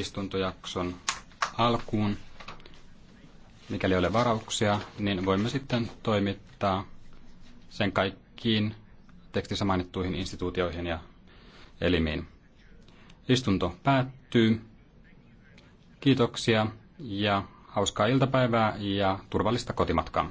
istuntojakson alkuun. Mikäli ei ole varauksia, niin voimme sitten toimittaa sen kaikkiin tekstissä mainittuihin instituutioihin ja elimiin. Istunto päättyy. Kiitoksia ja hauskaa iltapäivää ja turvallista kotimatkaa.